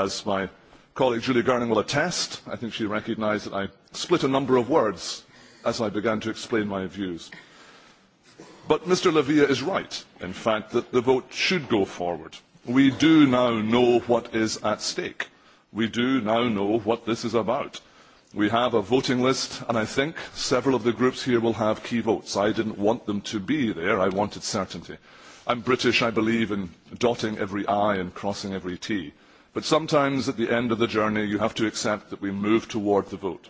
As my colleague Julie Gerning will attest, I think she recognised that I split a number of words as I began to explain my views. But Mr Lavia is right, in fact, that the vote should go forward. We do now know what is at stake. We do now know what this is about. We have a voting list, and I think several of the groups here will have key votes. I didn't want them to be there. I wanted certainty. I'm British. I believe in dotting every I and crossing every T. But sometimes at the end of the journey, you have to accept that we move toward the vote.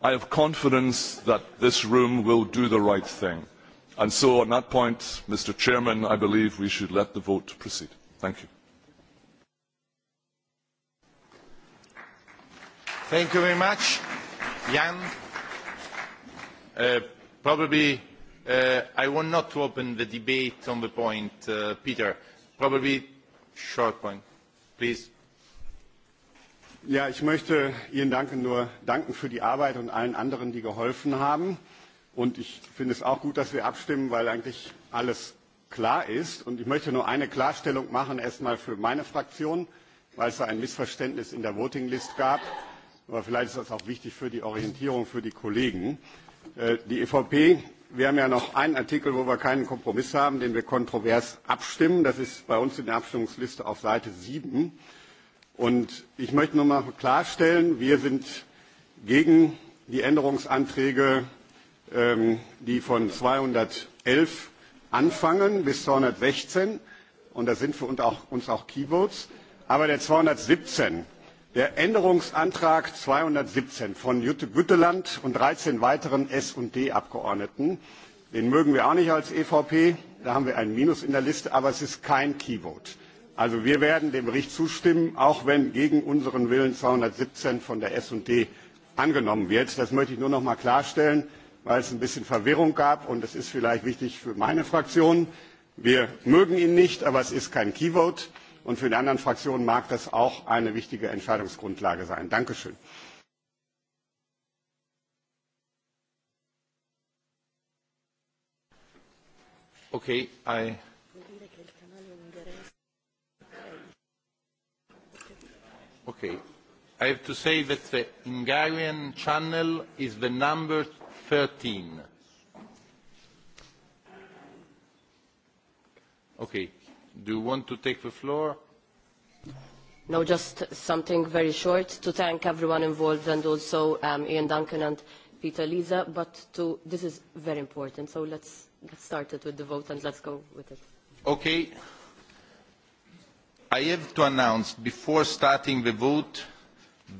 I have confidence that this room will do the right thing. And so on that point, Mr Chairman, I believe we should let the vote proceed. Thank you. Thank you very much, Jan. Uh, probably uh, I want not to open the debate on the point, uh, Peter. Probably short point. Please. Ja, ich möchte Ihnen danken, nur danken für die Arbeit und allen anderen, die geholfen haben. Und ich finde es auch gut, dass wir abstimmen, weil eigentlich alles klar ist. Und ich möchte nur eine Klarstellung machen, erstmal für meine Fraktion, weil es da ein Missverständnis in der Voting List gab. Aber vielleicht ist das auch wichtig für die Orientierung für die Kollegen. Äh, die EVP Wir haben ja noch einen Artikel, wo wir keinen Kompromiss haben, den wir kontrovers abstimmen. Das ist bei uns in der Abstimmungsliste auf Seite 7. Und ich möchte nur mal klarstellen, wir sind gegen die Änderungsanträge, ähm, die von 211 anfangen bis 216. Und das sind für uns auch, uns auch Keywords. Aber der 217, der änderungsantrag zweihundertsiebzehn von jytte guteland und dreizehn weiteren s d abgeordneten den mögen wir auch nicht als evp da haben wir ein minus in der liste aber es ist kein also wir werden dem bericht zustimmen auch wenn gegen unseren willen zweihundertsiebzehn von der s d angenommen wird. das möchte ich nur noch einmal klarstellen weil es ein bisschen verwirrung gab und das ist vielleicht wichtig für meine fraktion. wir mögen ihn nicht aber es ist kein key Und für die anderen Fraktionen mag das auch eine wichtige Entscheidungsgrundlage sein. Dankeschön. Okay, I Okay. I have to say that the Hungarian channel is the number 13. Okay. Do you want to take the floor? No, just something very short to thank everyone involved and also um, Ian Duncan and Peter Lisa, but to, this is very important, so let's get started with the vote and let's go with it. Okay. I have to announce before starting the vote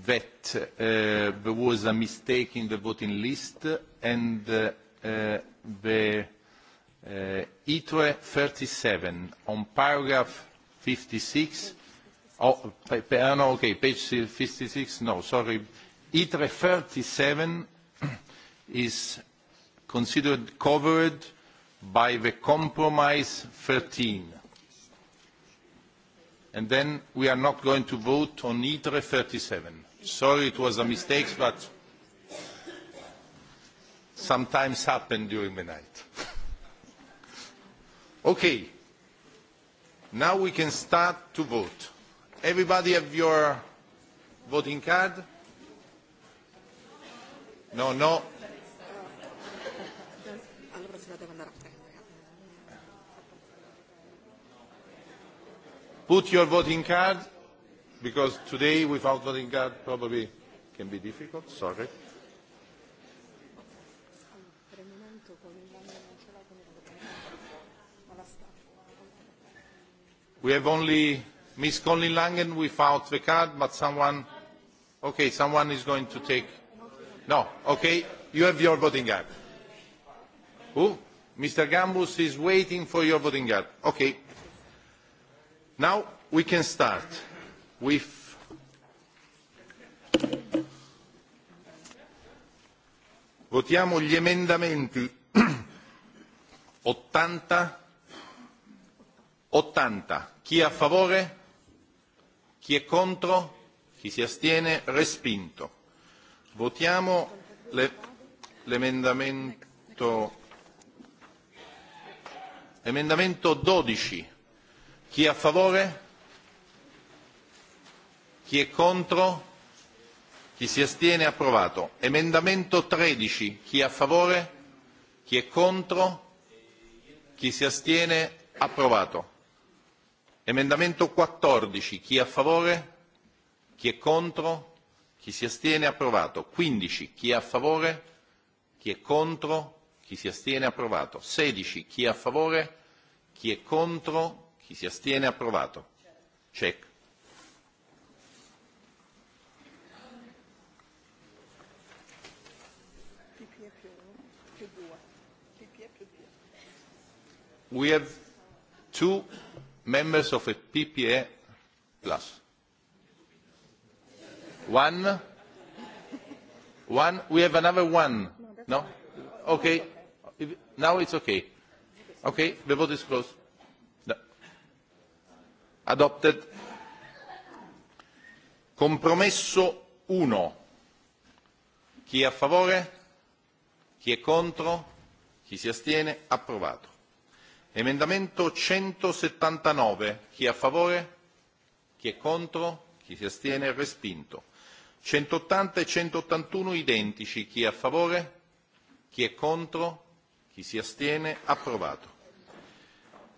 that uh, there was a mistake in the voting list and uh, uh, the Uh, ITRE 37 on paragraph 56. Oh, ah, no, okay, page 56. No, sorry. ITRE 37 is considered covered by the compromise 13. And then we are not going to vote on ITRE 37. Sorry, it was a mistake, but sometimes happen during the night. Okay. Now we can start to vote. Everybody have your voting card? No, no. Put your voting card, because today without voting card probably can be difficult. Sorry. We have only ms Colin Langen without the card, but someone, ok someone is going to take. No, ok you have your voting card. Who? Mr. Gambus is waiting for your voting card. ok Now we can start with Votiamo gli emendamenti 80 80. Chi è a favore? Chi è contro? Chi si astiene? Respinto. Votiamo le, emendamento 12. Chi è a favore? Chi è contro? Chi si astiene? Approvato. Emendamento 13. Chi è a favore? Chi è contro? Chi si astiene? Approvato Emendamento 14, chi è a favore? Chi è contro? Chi si astiene? Approvato. 15, chi è a favore? Chi è contro? Chi si astiene? Approvato. 16, chi è a favore? Chi è contro? Chi si astiene? Approvato. Check. We have two members of a PPA plus. One. One. We have another one. No? Okay. If, Now it's okay. Okay. The vote is closed. No. Adopted. Compromesso 1. Chi è a favore? Chi è contro? Chi si astiene? Approvato Emendamento 179. Chi è a favore? Chi è contro? Chi si astiene? Respinto. 180 e 181 identici. Chi è a favore? Chi è contro? Chi si astiene? Approvato.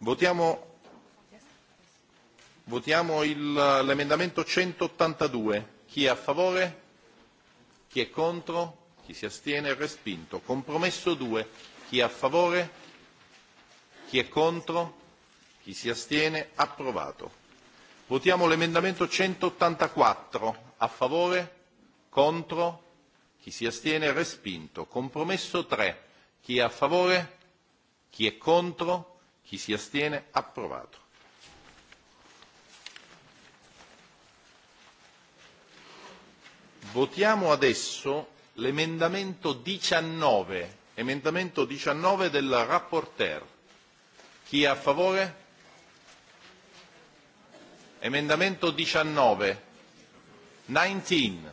Votiamo, votiamo il, l'emendamento 182. Chi è a favore? Chi è contro? Chi si astiene? Respinto. Compromesso 2. Chi è a favore? Chi è contro? Chi si astiene? Approvato. Votiamo l'emendamento 184. A favore? Contro? Chi si astiene? Respinto. Compromesso 3. Chi è a favore? Chi è contro? Chi si astiene? Approvato. Votiamo adesso l'emendamento 19, emendamento 19 del rapporteur. Chi è a favore? Emendamento 19. 19.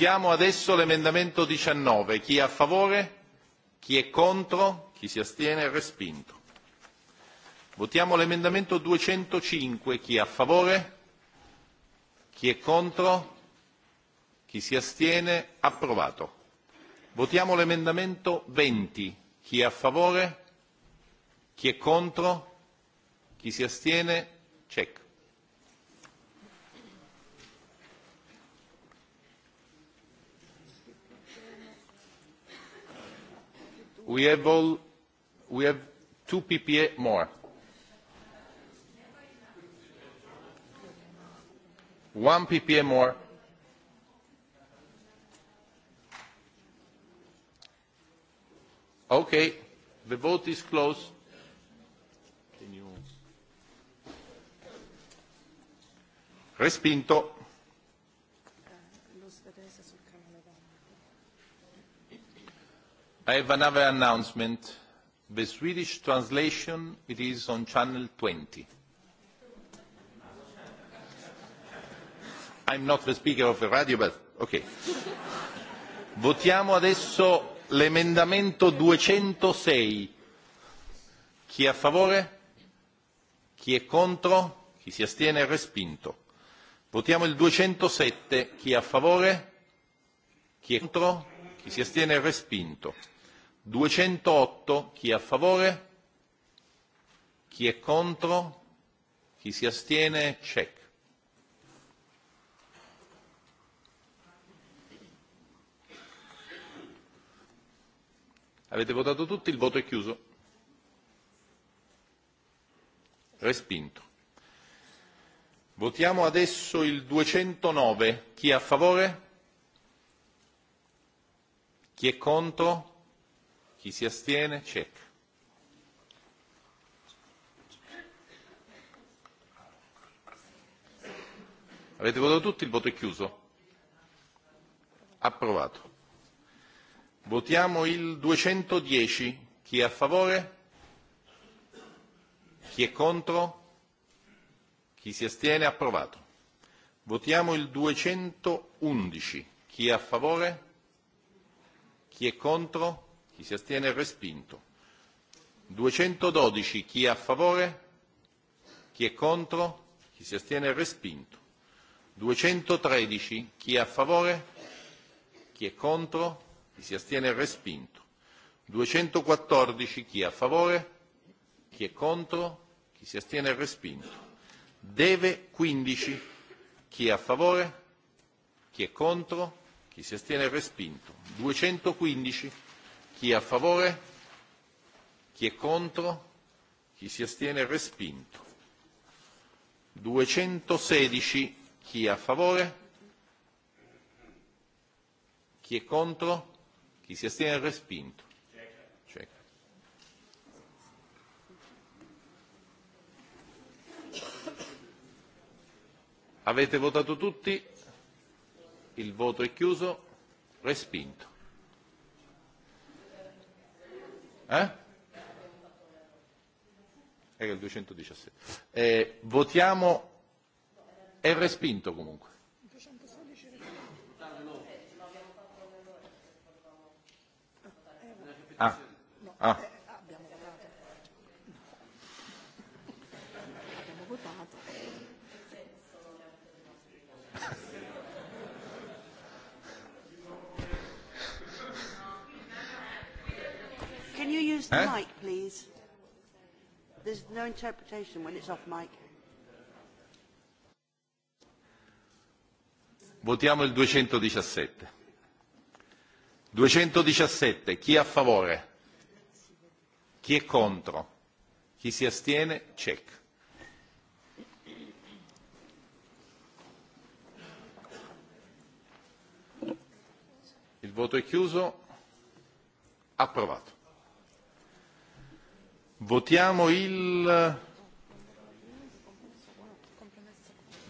Votiamo adesso l'emendamento 19. Chi è a favore? Chi è contro? Chi si astiene? è Respinto. Votiamo l'emendamento 205. Chi è a favore? Chi è contro? Chi si astiene? Approvato. Votiamo l'emendamento 20. Chi è a favore? Chi è contro? Chi si astiene? Check. we have all we have two PPA more. One PPA more. Okay, the vote is closed. Respinto I have another announcement. The Swedish translation, it is on channel 20. I'm not the speaker of the radio, but okay. Votiamo adesso l'emendamento 206. Chi è a favore? Chi è contro? Chi si astiene è respinto. Votiamo il 207. Chi è a favore? Chi è contro? Chi si astiene è respinto 208, chi è a favore? Chi è contro? Chi si astiene? Check. Avete votato tutti, il voto è chiuso. Respinto. Votiamo adesso il 209. Chi è a favore? Chi è contro? Chi si astiene? Check. Avete votato tutti? Il voto è chiuso. Approvato. Votiamo il 210. Chi è a favore? Chi è contro? Chi si astiene? Approvato. Votiamo il 211. Chi è a favore? Chi è contro? Chi si astiene? è Respinto. 212. Chi è a favore? Chi è contro? Chi si astiene? è Respinto. 213. Chi è a favore? Chi è contro? Chi si astiene? è Respinto. 214. Chi è a favore? Chi è contro? Chi si astiene? è Respinto. Deve 15. Chi è a favore? Chi è contro? Chi si astiene? è Respinto. 215. Chi è a favore? Chi è contro? Chi si astiene? Respinto. 216. Chi è a favore? Chi è contro? Chi si astiene? Respinto. Avete votato tutti? Il voto è chiuso. Respinto. Eh? Era il 217. Eh, votiamo. È respinto comunque. Ah. ah. mic, please. There's no interpretation when it's off mic. Votiamo il 217. 217. Chi è a favore? Chi è contro? Chi si astiene? Check. Il voto è chiuso. Approvato. Votiamo il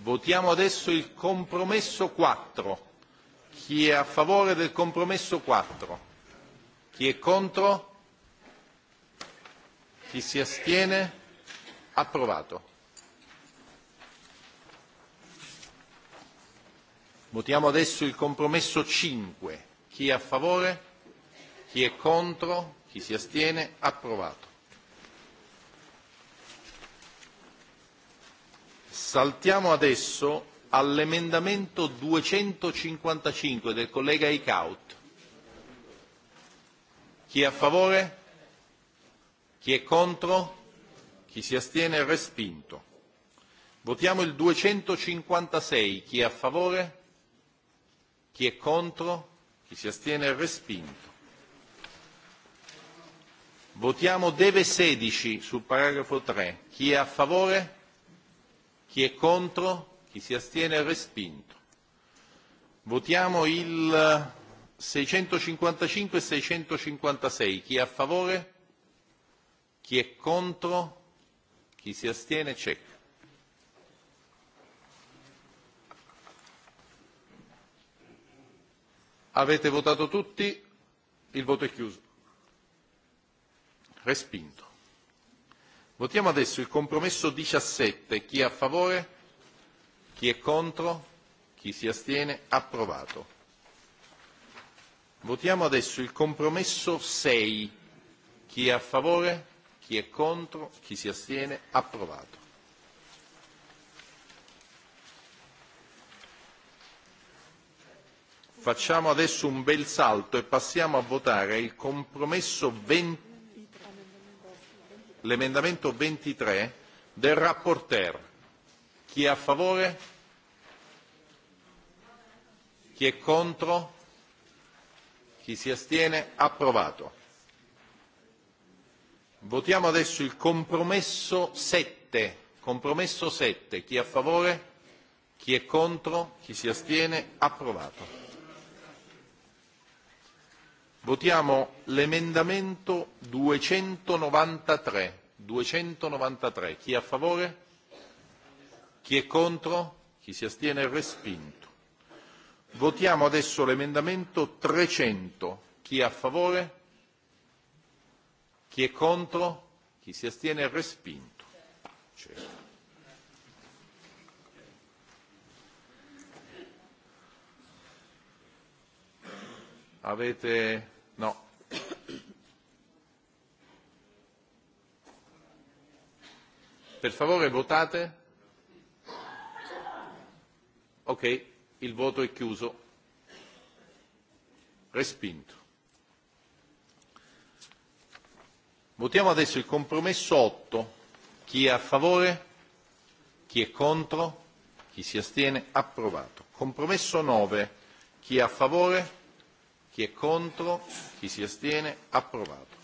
Votiamo adesso il compromesso 4. Chi è a favore del compromesso 4? Chi è contro? Chi si astiene? Approvato. Votiamo adesso il compromesso 5. Chi è a favore? Chi è contro? Chi si astiene? Approvato. Saltiamo adesso all'emendamento 255 del collega Icaut. Chi è a favore? Chi è contro? Chi si astiene è respinto. Votiamo il 256. Chi è a favore? Chi è contro? Chi si astiene è respinto. Votiamo Deve 16 sul paragrafo 3. Chi è a favore? Chi è contro? Chi si astiene? Respinto. Votiamo il 655 e 656. Chi è a favore? Chi è contro? Chi si astiene? Check. Avete votato tutti? Il voto è chiuso. Respinto. Votiamo adesso il compromesso 17. Chi è a favore? Chi è contro? Chi si astiene? Approvato. Votiamo adesso il compromesso 6. Chi è a favore? Chi è contro? Chi si astiene? Approvato. Facciamo adesso un bel salto e passiamo a votare il compromesso 20 l'emendamento 23 del rapporteur. Chi è a favore? Chi è contro? Chi si astiene? Approvato. Votiamo adesso il compromesso 7. Compromesso 7. Chi è a favore? Chi è contro? Chi si astiene? Approvato. Votiamo l'emendamento 293. 293. Chi è a favore? Chi è contro? Chi si astiene? Respinto. Votiamo adesso l'emendamento 300. Chi è a favore? Chi è contro? Chi si astiene? Respinto. Certo. Avete... no. Per favore votate. Ok, il voto è chiuso. Respinto. Votiamo adesso il compromesso 8. Chi è a favore? Chi è contro? Chi si astiene? Approvato. Compromesso 9. Chi è a favore? Chi è contro? Chi si astiene? Approvato.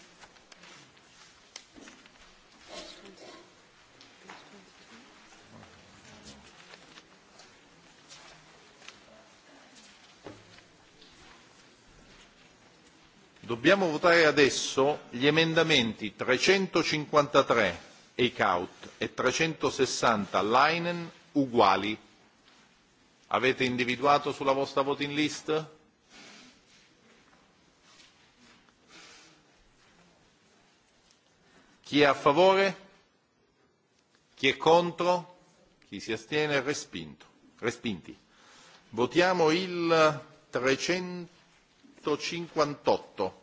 Dobbiamo votare adesso gli emendamenti 353 Eichhout e 360 LINEN uguali. Avete individuato sulla vostra voting list? Chi è a favore? Chi è contro? Chi si astiene? Respinto. Respinti. Votiamo il 358.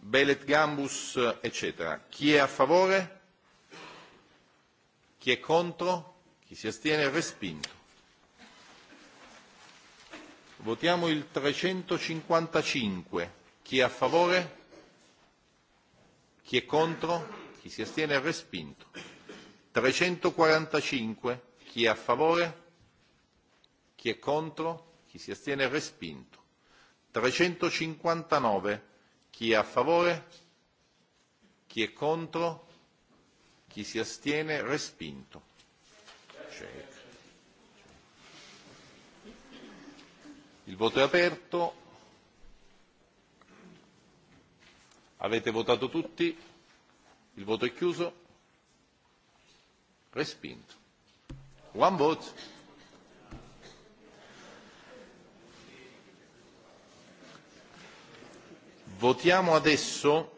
Belet Gambus, eccetera. Chi è a favore? Chi è contro? Chi si astiene? Respinto. Votiamo il 355. Chi è a favore? Chi è contro? Chi si astiene? Respinto. 345. Chi è a favore? Chi è contro? Chi si astiene? Respinto. 359. Chi è a favore? Chi è contro? Chi si astiene? Respinto. Check. Il voto è aperto. avete votato tutti il voto è chiuso respinto one vote votiamo adesso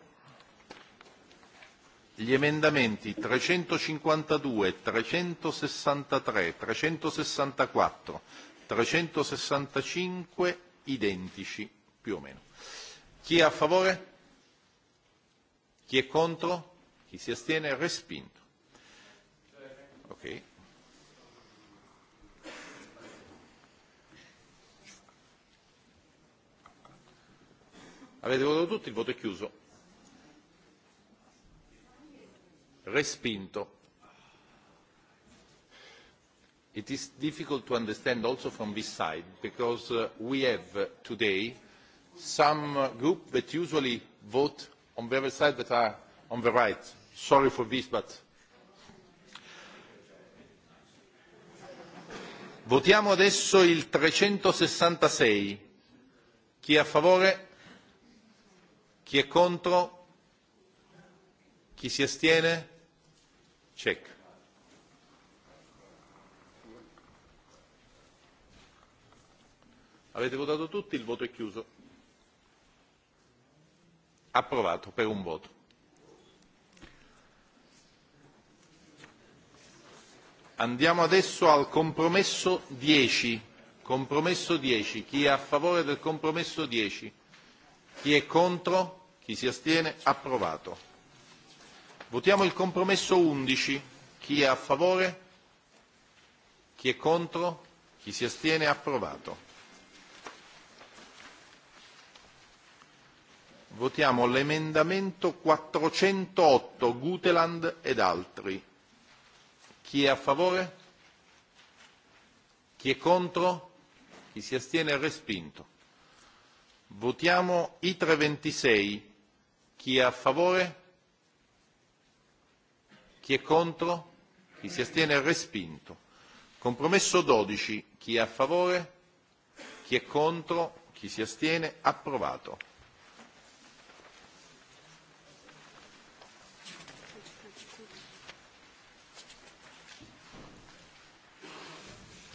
gli emendamenti 352, 363, 364, 365 identici più o meno. Chi è a favore? Chi è contro? Chi si astiene? Respinto. Ok. Avete votato tutti? Il voto è chiuso. Respinto. It is difficult to understand also from this side because uh, we have uh, today some uh, group that usually vote on the other side that are uh, on the right. Sorry for this, but... Votiamo adesso il 366. Chi è a favore? Chi è contro? Chi si astiene? Check. Avete votato tutti, il voto è chiuso approvato per un voto. Andiamo adesso al compromesso 10. Compromesso 10. Chi è a favore del compromesso 10? Chi è contro? Chi si astiene? Approvato. Votiamo il compromesso 11. Chi è a favore? Chi è contro? Chi si astiene? Approvato. Votiamo l'emendamento 408 Guteland ed altri. Chi è a favore? Chi è contro? Chi si astiene è respinto. Votiamo i 326. Chi è a favore? Chi è contro? Chi si astiene è respinto. Compromesso 12. Chi è a favore? Chi è contro? Chi si astiene? Approvato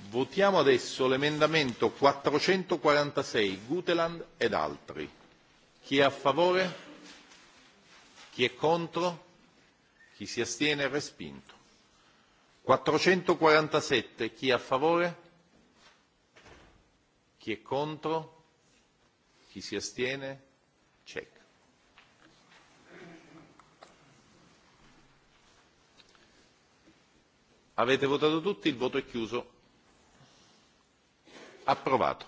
Votiamo adesso l'emendamento 446, Guteland ed altri. Chi è a favore? Chi è contro? Chi si astiene? Respinto. 447, chi è a favore? Chi è contro? Chi si astiene? Check. Avete votato tutti, il voto è chiuso Approvato.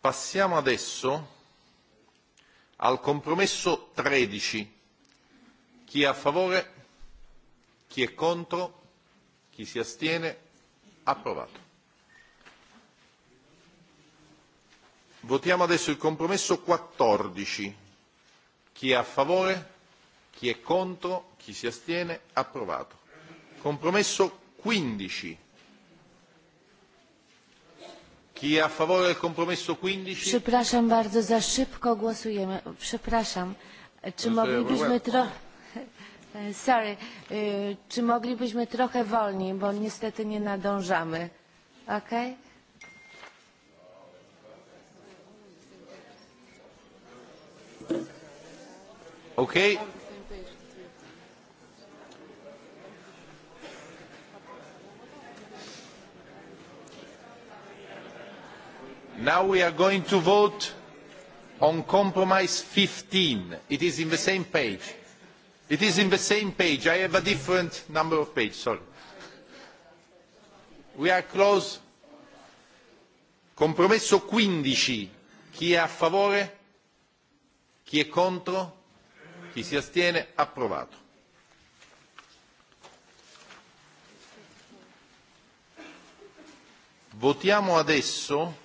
Passiamo adesso al compromesso 13. Chi è a favore? Chi è contro? Chi si astiene? Approvato. Votiamo adesso il compromesso 14. Chi è a favore? Chi è contro? Chi si astiene? Approvato. Compromesso 15. Przepraszam bardzo, za szybko głosujemy. Przepraszam. E, czy moglibyśmy trochę... E, sorry. E, czy moglibyśmy trochę wolniej, bo niestety nie nadążamy. Ok? Ok. Now we are going to vote on compromise fifteen It is on the same page. It is on the same page. I have a different number of pages, sorry. We are close. Compromesso quindici Chi è a favore? Chi è contro? Chi si astiene? Approvato. Votiamo adesso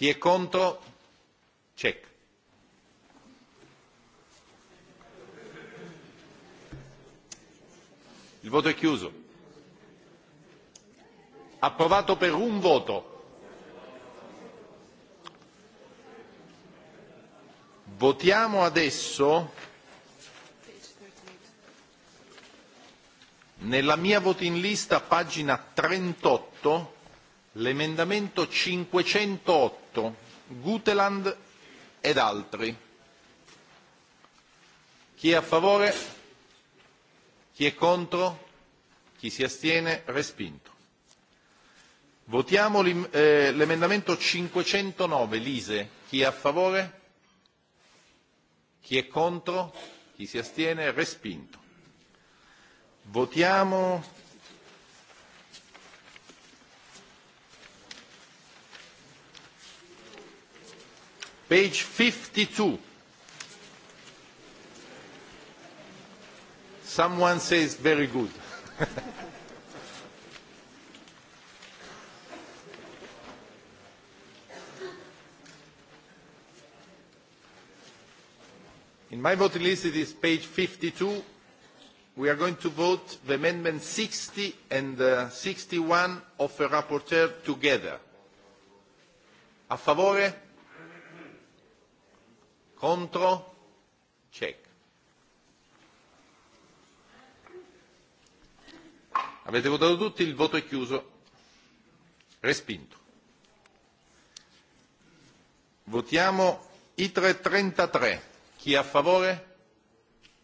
Chi è contro? Check. Il voto è chiuso. Approvato per un voto. Votiamo adesso nella mia voting list pagina 38 l'emendamento 508 Guteland ed altri. Chi è a favore? Chi è contro? Chi si astiene? Respinto. Votiamo eh, l'emendamento 509 Lise. Chi è a favore? Chi è contro? Chi si astiene? Respinto. Votiamo Page 52. Someone says very good. In my voting list it is page 52. We are going to vote the amendment 60 and uh, 61 of the rapporteur together. A favore? Contro? Check. Avete votato tutti, il voto è chiuso. Respinto. Votiamo i 33. Chi è a favore?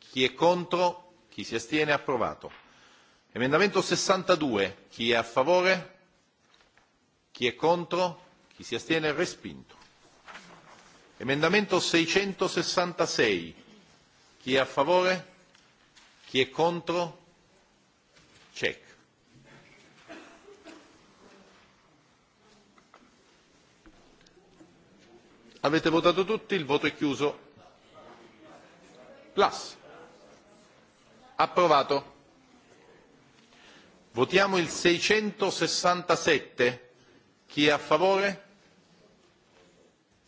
Chi è contro? Chi si astiene? Approvato. Emendamento 62. Chi è a favore? Chi è contro? Chi si astiene? Respinto. Emendamento 666. Chi è a favore? Chi è contro? Check. Avete votato tutti, il voto è chiuso. Plus. Approvato. Votiamo il 667. Chi è a favore?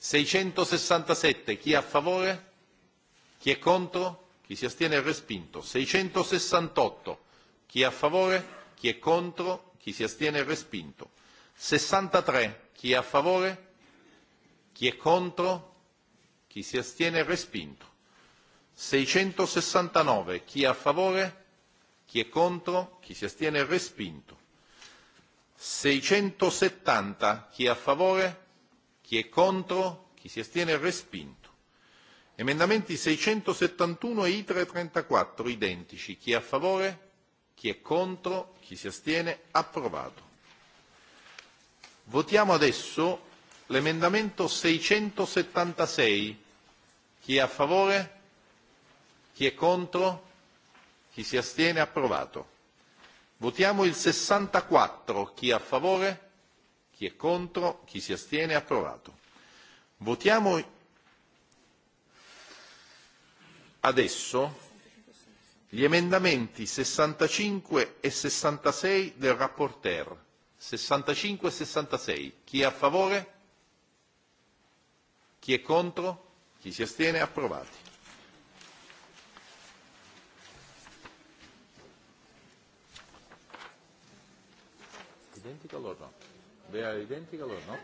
667 chi è a favore chi è contro chi si astiene è respinto 668 chi è a favore chi è contro chi si astiene è respinto 63 chi è a favore chi è contro chi si astiene è respinto 669 chi è a favore chi è contro chi si astiene è respinto 670 chi è a favore Chi è contro? Chi si astiene? Respinto. Emendamenti 671 e ITRE 34, identici. Chi è a favore? Chi è contro? Chi si astiene? Approvato. Votiamo adesso l'emendamento 676. Chi è a favore? Chi è contro? Chi si astiene? Approvato. Votiamo il 64. Chi è a favore? Chi è contro? Chi si astiene? Approvato. Votiamo adesso gli emendamenti 65 e 66 del rapporteur. 65 e 66. Chi è a favore? Chi è contro? Chi si astiene? Approvati. Identico allora no. They are identical or not?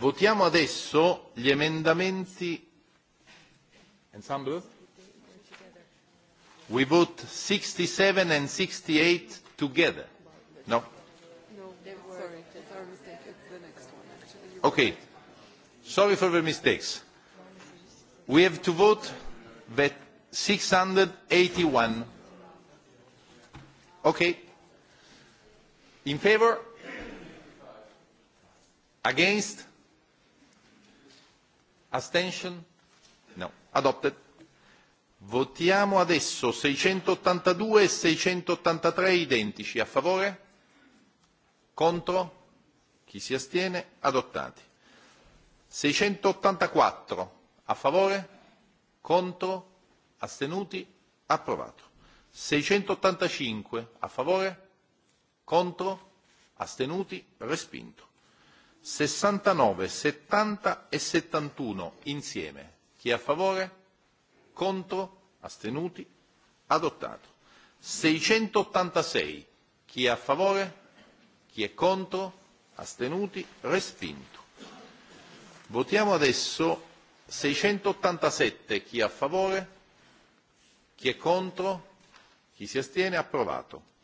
Votiamo adesso gli emendamenti. Ensemble? We vote 67 and 68 together. No? No, they were, sorry, it's our mistake. It's the next one, actually. Okay. Sorry for the mistakes we have to vote the six hundred and eighty one ok In favour Against? Astention? No. Adopted. Votiamo adesso seicentottantadue e seicentottantatre identici. A favore? Contro? Chi si astiene? Adottati. seicentottantaquattro a favore? Contro? Astenuti? Approvato. 685 a favore? Contro? Astenuti? Respinto. 69, 70 e 71 insieme. Chi è a favore? Contro? Astenuti? Adottato. 686. Chi è a favore? Chi è contro? Astenuti? Respinto. Votiamo adesso 687 chi è a favore, chi è contro, chi si astiene, approvato.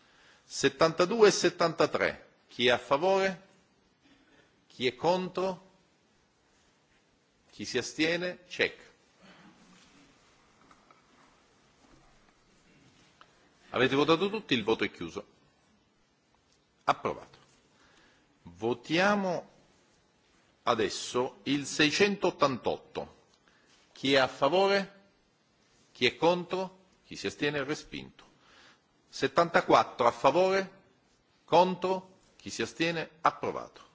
72 e 73 chi è a favore, chi è contro, chi si astiene, check. Avete votato tutti, il voto è chiuso. Approvato. Votiamo Adesso il 688. Chi è a favore? Chi è contro? Chi si astiene? è Respinto. 74 a favore? Contro? Chi si astiene? Approvato.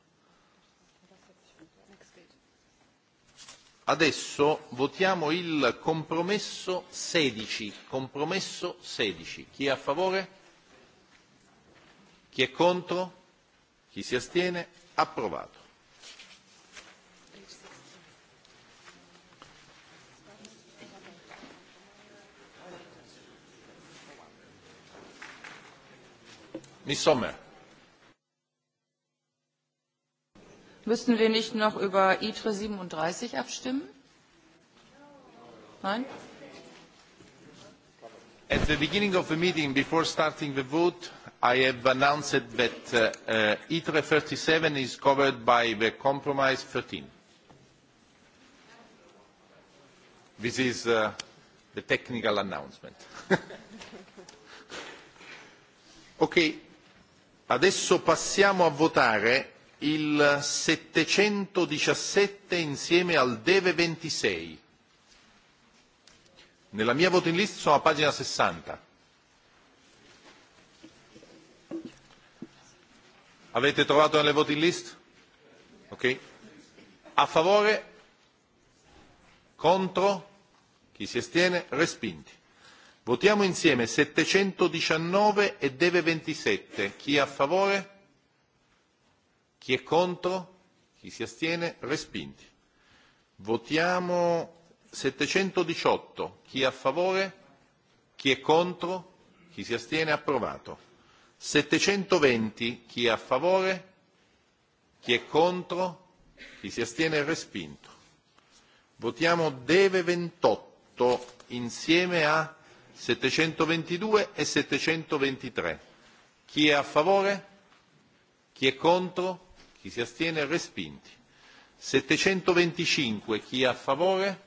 Adesso votiamo il compromesso 16. Compromesso 16. Chi è a favore? Chi è contro? Chi si astiene? Approvato. Miss Sommer. wir nicht noch über ITRE 37 abstimmen? Nein? At the beginning of the meeting, before starting the vote, I have announced that uh, uh, ITRE 37 is covered by the compromise 13. This is uh, the technical announcement. okay, Adesso passiamo a votare il settecentodiciassette insieme al Deve ventisei Nella mia voting list sono a pagina sessanta Avete trovato nelle voting list? Ok. A favore? Contro? Chi si astiene? Respinti. Votiamo insieme 719 e Deve 27. Chi è a favore? Chi è contro? Chi si astiene? Respinti. Votiamo 718. Chi è a favore? Chi è contro? Chi si astiene? Approvato. 720. Chi è a favore? Chi è contro? Chi si astiene? Respinto. Votiamo Deve 28 insieme a 722 e 723. Chi è a favore? Chi è contro? Chi si astiene? Respinti. 725. Chi è a favore?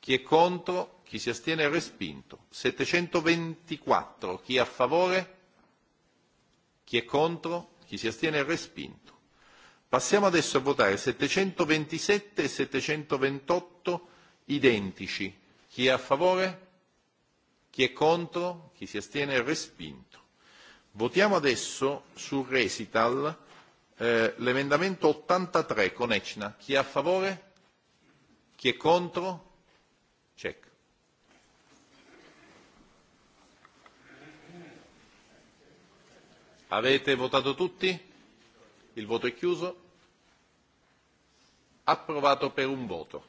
Chi è contro? Chi si astiene? Respinto. 724. Chi è a favore? Chi è contro? Chi si astiene? Respinto. Passiamo adesso a votare 727 e 728 identici. Chi è a favore? Chi è contro? Chi si astiene? Respinto. Votiamo adesso sul Resital eh, l'emendamento 83 con Ecna. Chi è a favore? Chi è contro? Check. Avete votato tutti? Il voto è chiuso. Approvato per un voto.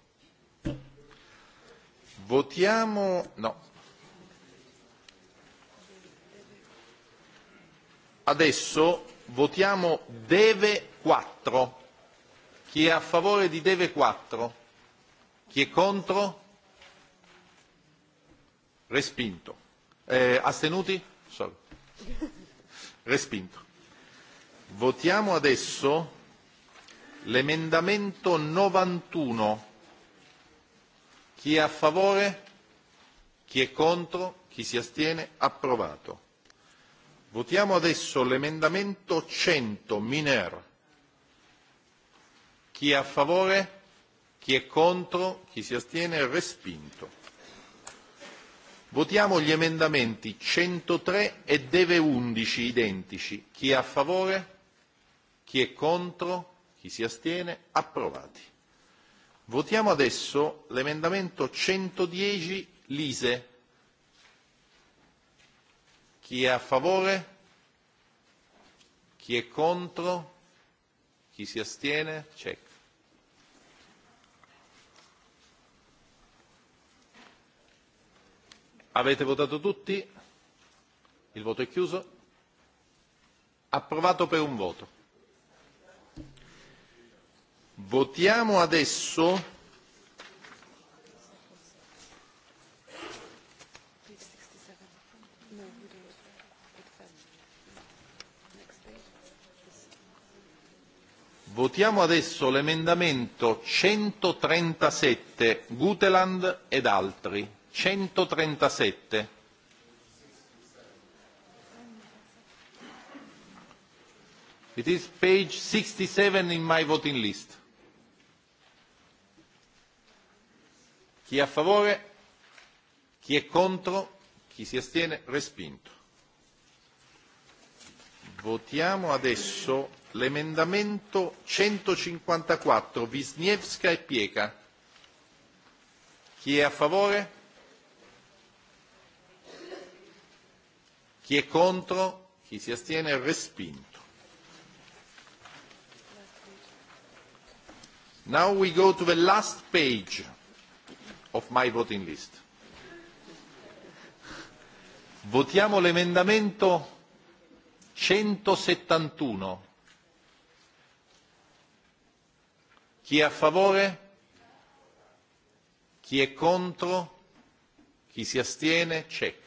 Votiamo... No, Adesso votiamo Deve 4. Chi è a favore di Deve 4? Chi è contro? Respinto. Eh, astenuti? Sorry. Respinto. Votiamo adesso l'emendamento 91. Chi è a favore? Chi è contro? Chi si astiene? Approvato Votiamo adesso l'emendamento 100 Miner. Chi è a favore? Chi è contro? Chi si astiene? Respinto. Votiamo gli emendamenti 103 e Deve 11 identici. Chi è a favore? Chi è contro? Chi si astiene? Approvati. Votiamo adesso l'emendamento 110 Lise. Chi è a favore? Chi è contro? Chi si astiene? Check. Avete votato tutti? Il voto è chiuso. Approvato per un voto. Votiamo adesso Votiamo adesso l'emendamento 137, Guteland ed altri. 137. It is page 67 in my voting list. Chi è a favore? Chi è contro? Chi si astiene? Respinto. Votiamo adesso l'emendamento 154 Wisniewska e Piega. Chi è a favore? Chi è contro? Chi si astiene? Respinto. Now we go to the last page of my voting list. Votiamo l'emendamento 171 Chi è a favore? Chi è contro? Chi si astiene? Check.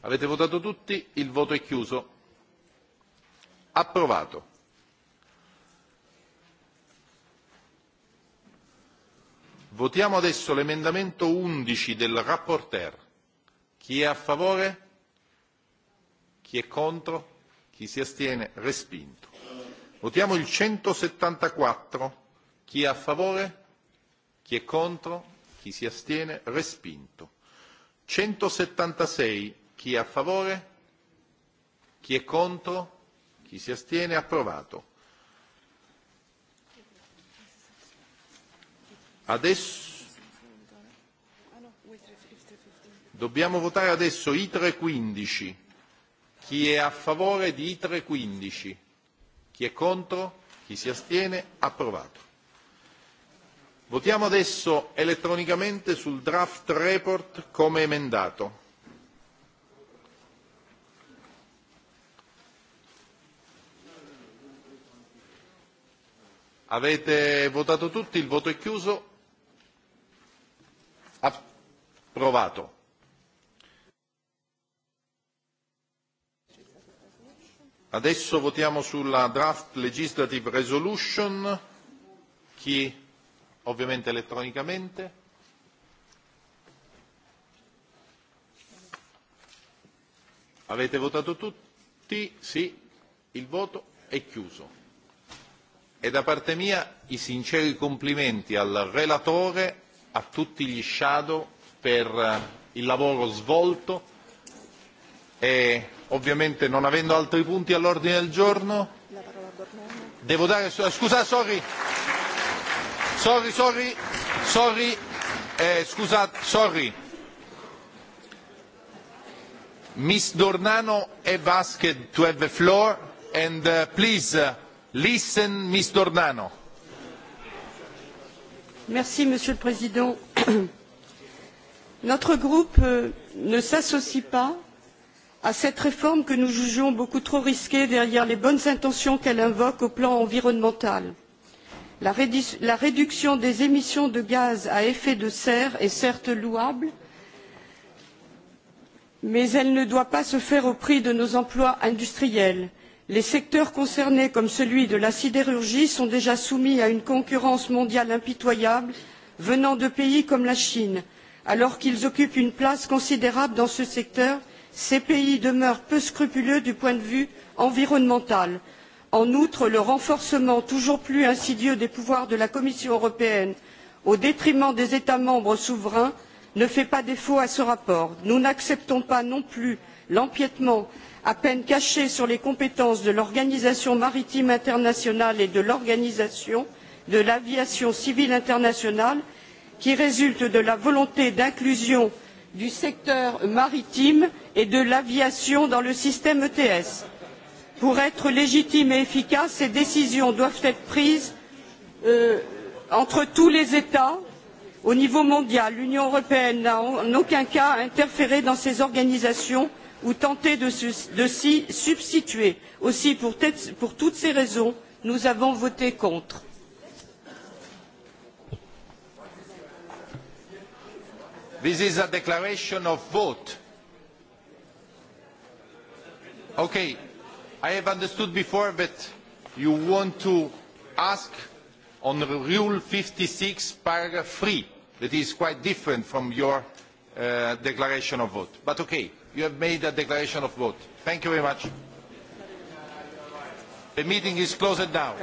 Avete votato tutti? Il voto è chiuso. Approvato. Votiamo adesso l'emendamento 11 del rapporteur. Chi è a favore? Chi è contro? Chi si astiene? Respinto. Votiamo il 174. Chi è a favore? Chi è contro? Chi si astiene? Respinto. 176. Chi è a favore? Chi è contro? Chi si astiene? Approvato. Adesso dobbiamo votare adesso ITRE 15. Chi è a favore di ITRE 15? Chi è contro? Chi si astiene? Approvato. Votiamo adesso elettronicamente sul draft report come emendato. Avete votato tutti, il voto è chiuso. Approvato Adesso votiamo sulla draft legislative resolution, chi ovviamente elettronicamente. Avete votato tutti? Sì, il voto è chiuso. E da parte mia i sinceri complimenti al relatore, a tutti gli shadow per il lavoro svolto e Ovviamente non avendo altri punti all'ordine del giorno devo dare eh, scusa sorry sorry sorry sorry eh, scusa sorry Miss Dornano have asked to have the floor and uh, please uh, listen Miss Dornano Merci monsieur le président Notre groupe euh, ne s'associe pas à cette réforme que nous jugeons beaucoup trop risquée derrière les bonnes intentions qu'elle invoque au plan environnemental. La, réduction des émissions de gaz à effet de serre est certes louable mais elle ne doit pas se faire au prix de nos emplois industriels. les secteurs concernés comme celui de la sidérurgie sont déjà soumis à une concurrence mondiale impitoyable venant de pays comme la chine alors qu'ils occupent une place considérable dans ce secteur ces pays demeurent peu scrupuleux du point de vue environnemental. en outre le renforcement toujours plus insidieux des pouvoirs de la commission européenne au détriment des états membres souverains ne fait pas défaut à ce rapport. nous n'acceptons pas non plus l'empiétement à peine caché sur les compétences de l'organisation maritime internationale et de l'organisation de l'aviation civile internationale qui résulte de la volonté d'inclusion du secteur maritime et de l'aviation dans le système ets. pour être légitimes et efficaces ces décisions doivent être prises euh, entre tous les états au niveau mondial. l'union européenne n'a en aucun cas à interférer dans ces organisations ou tenter de s'y substituer. aussi pour toutes ces raisons nous avons voté contre. This is a declaration of vote. Okay, I have understood before that you want to ask on Rule 56, paragraph 3. That is quite different from your uh, declaration of vote. But okay, you have made a declaration of vote. Thank you very much. The meeting is closed now.